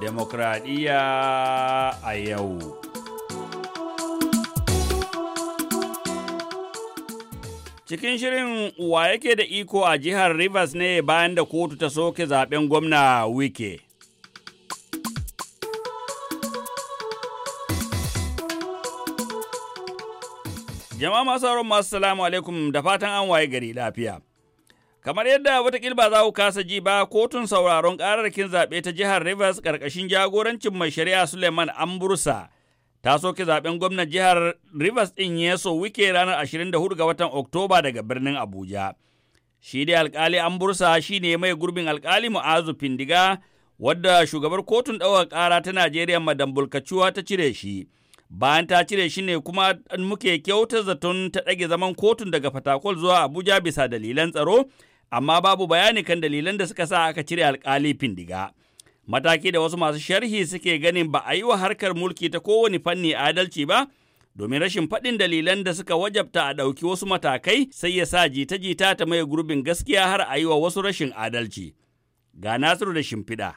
demokradiyya a yau. Cikin shirin wa yake da iko a jihar Rivers ne bayan da kotu ta soke zaben gwamna wike. Jama'a masu masu salamu alaikum da fatan an waye gari lafiya. Kamar yadda watakila ba za ku kasa ji ba, kotun sauraron kararrakin zaɓe ta jihar Rivers ƙarƙashin jagorancin mai shari'a Suleiman Ambursa ta soke zaɓen gwamnan jihar Rivers ɗin Yeso Wike ranar 24 ga watan Oktoba daga birnin Abuja. Shi dai alkali Ambursa shi ne mai gurbin alkali Mu'azu Findiga wadda shugabar kotun ɗaukar ƙara ta Najeriya Madam Bulkacuwa ta cire shi. bayan ta cire shi ne kuma muke kyautar zaton ta ɗage zaman kotun daga fatakol zuwa abuja bisa dalilan tsaro amma babu bayani kan dalilan da suka sa aka cire alkali Findiga. Mataki da wasu masu sharhi suke ganin ba a yi wa harkar mulki ta kowane fanni adalci ba, domin rashin faɗin dalilan da suka wajabta a ɗauki wasu matakai sai ya sa jita-jita ta maye gurbin gaskiya har a yi wa wasu rashin adalci. Ga Nasiru da Shimfiɗa.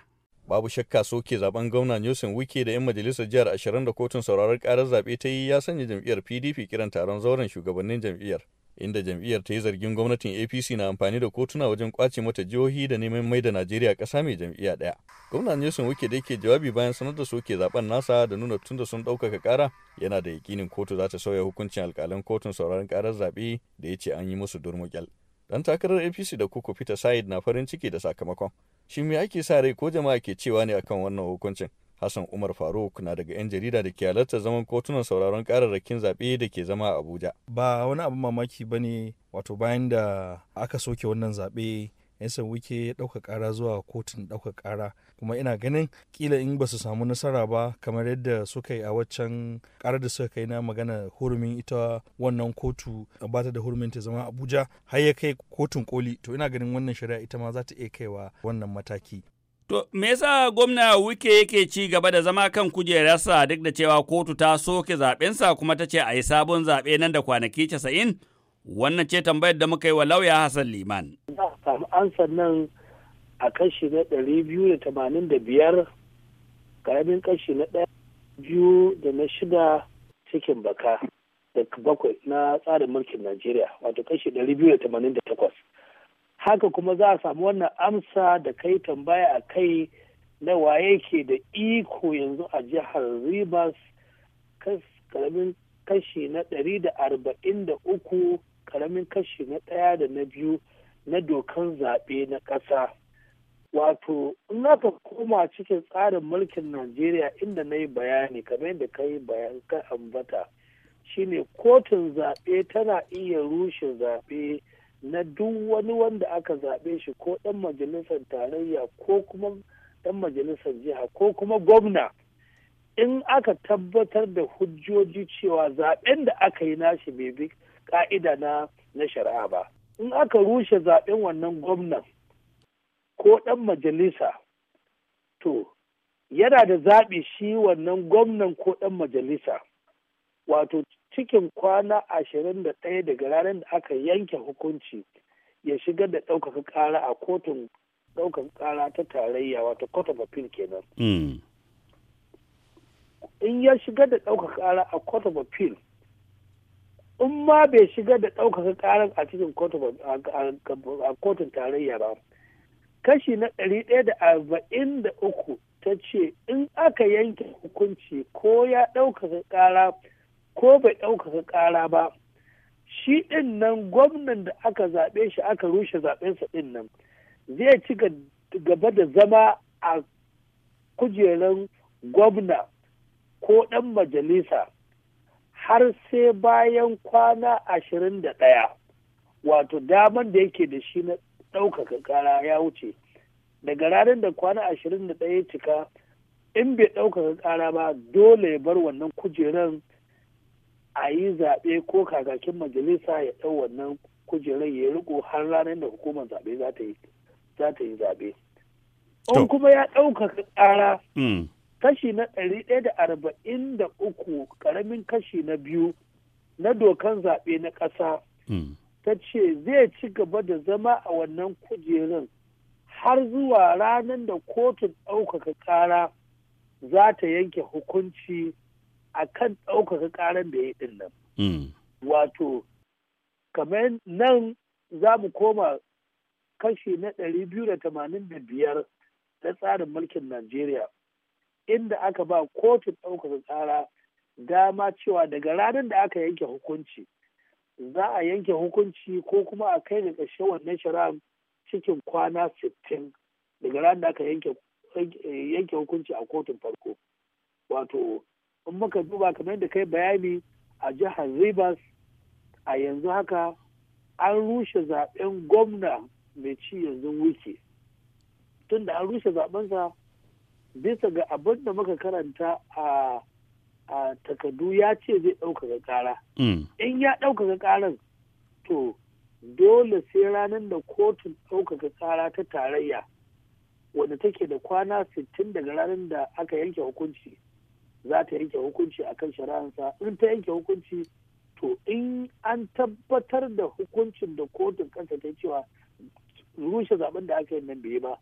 babu shakka soke zaben gwamna Nelson Wike da 'yan majalisar jihar 20 da kotun sauraron karar zaɓe ta yi ya sanya jam'iyyar PDP kiran taron zauren shugabannin jam'iyyar. inda jam'iyyar ta yi zargin gwamnatin apc na amfani da kotuna wajen kwace mata jihohi da neman mai da najeriya kasa mai jam'iyya ɗaya gwamna nelson wuke da yake jawabi bayan sanar da soke zaben nasa da nuna tun da sun ɗaukaka kara yana da yakinin kotu za ta sauya hukuncin alkalin kotun sauraron karar zaɓe da ya ce an yi musu durmuƙyal dan takarar apc da kuku peter said na farin ciki da sakamakon shin me ake sa rai ko jama'a ke cewa ne akan wannan hukuncin Hassan Umar Faruk na daga 'yan jarida da ke halartar zaman kotunan sauraron kararrakin zaɓe da ke zama a Abuja. Ba wani abin mamaki ba ne wato bayan da aka soke wannan zaɓe 'yan sanwike ya ɗauka ƙara zuwa kotun ɗauka ƙara kuma ina ganin kila in ba su samu nasara ba kamar yadda suka yi a waccan ƙarar da suka kai na magana hurumin ita wannan kotu ba ta da hurumin ta zama abuja har ya kai kotun koli to ina ganin wannan shari'a ita ma za ta iya kaiwa wannan mataki To, me yasa gwamna Wike yake ci gaba da zama kan kujerarsa duk da cewa kotu ta soke zaɓensa kuma ta ce a yi sabon zaɓe nan da kwanaki casa'in? Wannan ce tambayar da muka yi wa lauya Hassan Liman. Na a samu ansa nan a kashi na ɗari biyu da tamanin da biyar, ƙaramin kashi na ɗaya biyu da na shida cikin baka da bakwai na tsarin mulkin Najeriya, wato kashi ɗari biyu da tamanin da takwas. haka kuma za a samu wannan amsa da kai tambaya a kai na waye ke da iko yanzu a jihar rivers karamin kashi na ɗari da arba'in da uku karamin kashi na ɗaya da na biyu na dokan zaɓe na ƙasa wato in aka koma cikin tsarin mulkin najeriya inda na yi bayani kamar da ka yi bayan ka ambata shine kotun zaɓe tana iya rushe zaɓe na duk wani wanda aka zaɓe shi ko ɗan majalisar tarayya ko kuma ɗan majalisar jiha ko kuma gwamna in aka tabbatar da hujjoji cewa zaɓen da aka yi nashi bai bi ka'ida na na shari'a ba in aka rushe zaɓen wannan gwamnan ko ɗan majalisa to yana da zaɓi shi wannan gwamnan ko ɗan majalisa wato cikin kwana ashirin da ɗaya daga ranar da aka yanke hukunci ya shiga da ɗaukaka ƙara a kotun ɗaukaka ƙara ta tarayya wato court of appeal kenan. Hmm. In ya shiga da ɗaukaka ƙara a court of appeal in ma bai shigar da ɗaukaka ƙarar a cikin kotun tarayya ba kashi na ɗari ɗaya da arba'in da uku ta ce in aka yanke hukunci ko ya ɗaukaka ƙara ko bai ɗaukaka ƙara ba shi ɗin nan gwamnan da aka zaɓe shi aka rushe zaɓensa ɗin nan zai ci gaba da zama a kujeran gwamna ko ɗan majalisa har sai bayan kwana ashirin da ɗaya wato daman da yake da shi na ɗaukaka ƙara ya wuce daga ranar da kwana ashirin da ɗaya cika in bai ɗaukaka ƙara ba dole ya bar wannan kujeran a yi zaɓe ko kakakin majalisa ya ɗau wannan kujerar ya riko har ranar da hukumar zaɓe za ta yi zaɓe. In kuma ya ɗaukaka ƙara mm. kashi na ɗari ɗaya da arba'in da uku ƙaramin kashi na biyu na dokan zaɓe na ƙasa mm. ta ce zai ci gaba da zama a wannan kujerun har zuwa ranar da kotun ɗaukaka ƙara za ta yanke hukunci a kan ɗaukaka ƙarar da ya ɗin nan. Hmm. Wato, kamar nan za mu koma kashi na ɗari biyu da tamanin da biyar ta tsarin mulkin Najeriya, inda aka ba kotun ɗaukaka tsara dama cewa daga ranar da aka yanke hukunci, za a yanke hukunci ko kuma a kai da ƙarshen wannan shari'ar cikin kwana sittin daga ranar da aka yanke hukunci a kotun farko. Wato, in muka duba kamar yadda kai bayani a jihar rivers a yanzu haka an rushe zaben gwamna mai ci yanzu wiki tunda an rushe zabensa bisa ga abin da muka karanta a a takardu ya ce zai ɗaukaka kara mm. in ya ɗaukaka ƙaran to dole sai ranar da kotun ɗaukaka kara ta tarayya wadda take da kwana 60 daga ranar da aka yanke hukunci za ta yanke hukunci a kan shari'ansa in ta yanke hukunci to in an tabbatar da hukuncin da kotun kansa ta cewa rushe zaben da aka yi nan bai ba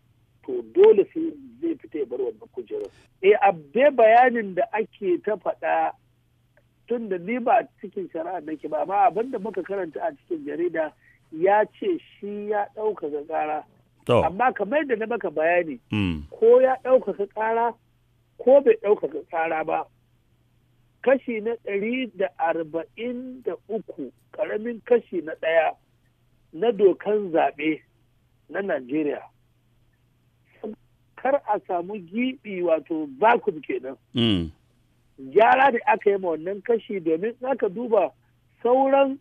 to dole sai zai fita ya bar wannan kujerar. E abbe bayanin da ake ta faɗa tun da ni ba cikin shari'a nake ba amma abin da muka karanta a cikin jarida ya ce shi ya ɗaukaka ƙara. Amma kamar da na maka bayani hmm. ko ya ɗaukaka ƙara ko bai ɗaukaka tsara ba kashi na ɗari da arba'in da uku ƙaramin kashi na ɗaya na dokan zaɓe na Najeriya. Kar a samu giɓi wato vacuum kenan. Mm. Gyara da aka yi ma wannan kashi domin aka duba sauran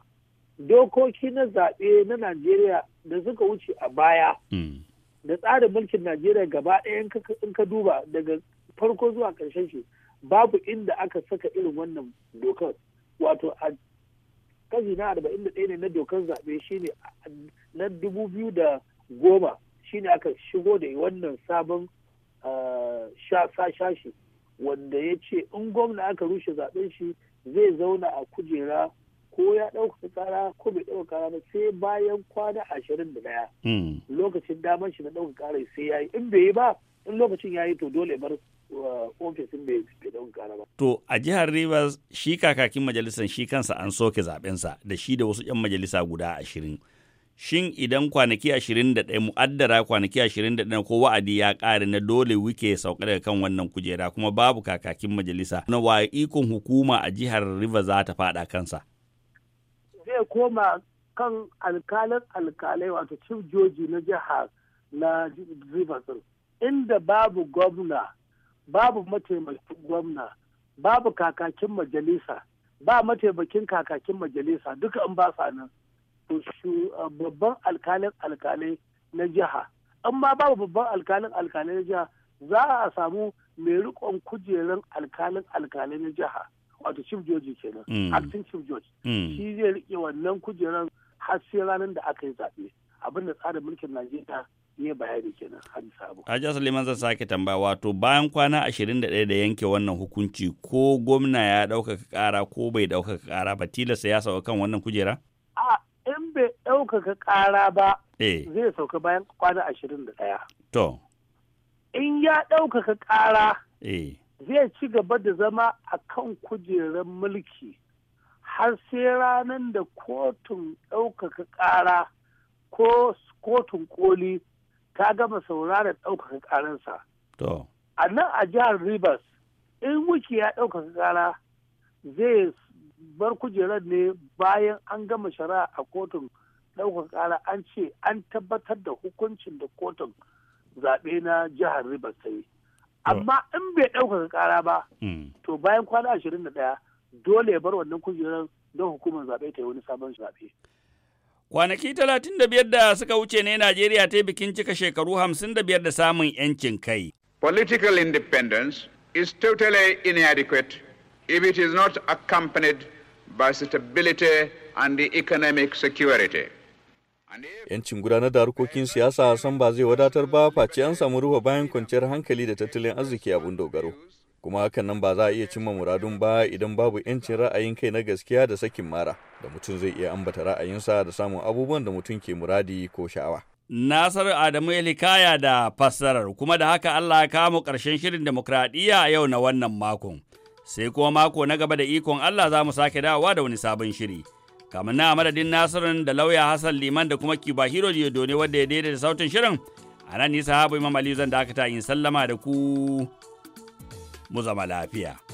dokoki na zaɓe na Najeriya da suka wuce a baya. Mm. Da tsarin mulkin Najeriya gaba ɗaya in ka duba daga farko zuwa ƙarshen shi babu inda aka saka irin wannan dokar wato a kashi na arba'in da ɗaya ne na dokar zaɓe shine na dubu biyu da goma shine aka shigo da wannan sabon sashe wanda ya ce in gwamna aka rushe zaɓen shi zai zauna a kujera ko ya ɗaukaka kara ko bai ɗauka kara ba sai bayan kwana ashirin da ɗaya hmm. lokacin damar shi na ɗaukaka kara sai ya yi in bai yi ba in lokacin ya yi to dole bar Uh, to a jihar Rivers shi kakakin majalisar shi kansa an soke zaɓensa da shi da wasu 'yan majalisa guda ashirin. Shin idan kwanaki ashirin da ɗaya mu'addara kwanaki ashirin da ɗaya ko wa'adi ya ƙare na dole wike sauka daga kan wannan kujera kuma babu kakakin majalisa na wa ikon hukuma a jihar Rivers za ta faɗa kansa. Zai koma kan alkalin alkalai wato chief joji na jihar na Rivers inda babu gwamna babu mataimakin gwamna babu kakakin majalisa ba mataimakin kakakin majalisa duka in ba sa nan to babban alkalin alkalai na jiha in ma babu babban alkalin alkalai na jiha za a samu mai rikon kujeran alkalin alkalai na jiha wato chief joji kenan mm. acting chief joji mm. shi zai rike wannan kujerar har sai ranar da aka yi zaɓe abin da tsarin mulkin najeriya ne bayani kenan hadi sabu. Hajiya Suleiman zan sake tambaya wato bayan kwana 21 da yanke wannan hukunci ko gwamna ya ɗaukaka ƙara ko bai ɗaukaka ƙara ba tilasta ya sauka kan wannan kujera a in bai ɗaukaka ƙara ba eh. zai sauka bayan kwana 21 to in ya ɗaukaka ƙara eh. zai ci gaba da zama a kan kujerar mulki har sai ranar da kotun ɗaukaka ƙara ko kotun koli ka gama saurara ɗaukaka ƙaransa. To. A nan a jihar Rivers, in wuki ya ɗaukaka ƙara zai bar kujerar ne bayan an gama shari'a a kotun ɗaukaka kara an ce an tabbatar da hukuncin da kotun zaɓe na jihar Rivers ta yi. Amma in bai ɗaukaka kara ba, mm. to bayan kwana ashirin da ɗaya dole ya bar wannan kujerar don hukumar zaɓe ta yi wani sabon zaɓe. Kwanaki talatin da biyar da suka wuce ne Najeriya ta bikin cika shekaru hamsin da biyar da samun 'yancin kai. Political independence is totally inadequate if it is not accompanied by stability and the economic security. Yancin gudanar da harkokin siyasa san ba zai wadatar ba face an samu ruwa bayan kwanciyar hankali da tattalin arziki abun dogaro. kuma hakan nan ba za a iya cimma muradun ba idan babu yancin ra'ayin kai na gaskiya da sakin mara da mutum zai iya ambata ra'ayinsa da samun abubuwan da mutum ke muradi ko sha'awa. nasaru Adamu Elikaya da fassarar kuma da haka Allah ya kamo karshen shirin demokradiyya yau na wannan makon. Sai kuma mako na gaba da ikon Allah za mu sake dawowa da wani sabon shiri. Kamar na madadin Nasirun da lauya Hassan Liman da kuma Kiba Hiro ne wadda ya daidaita sautin shirin. A nan nisa habu Imam Ali zan dakata in sallama da ku mu zama lafiya.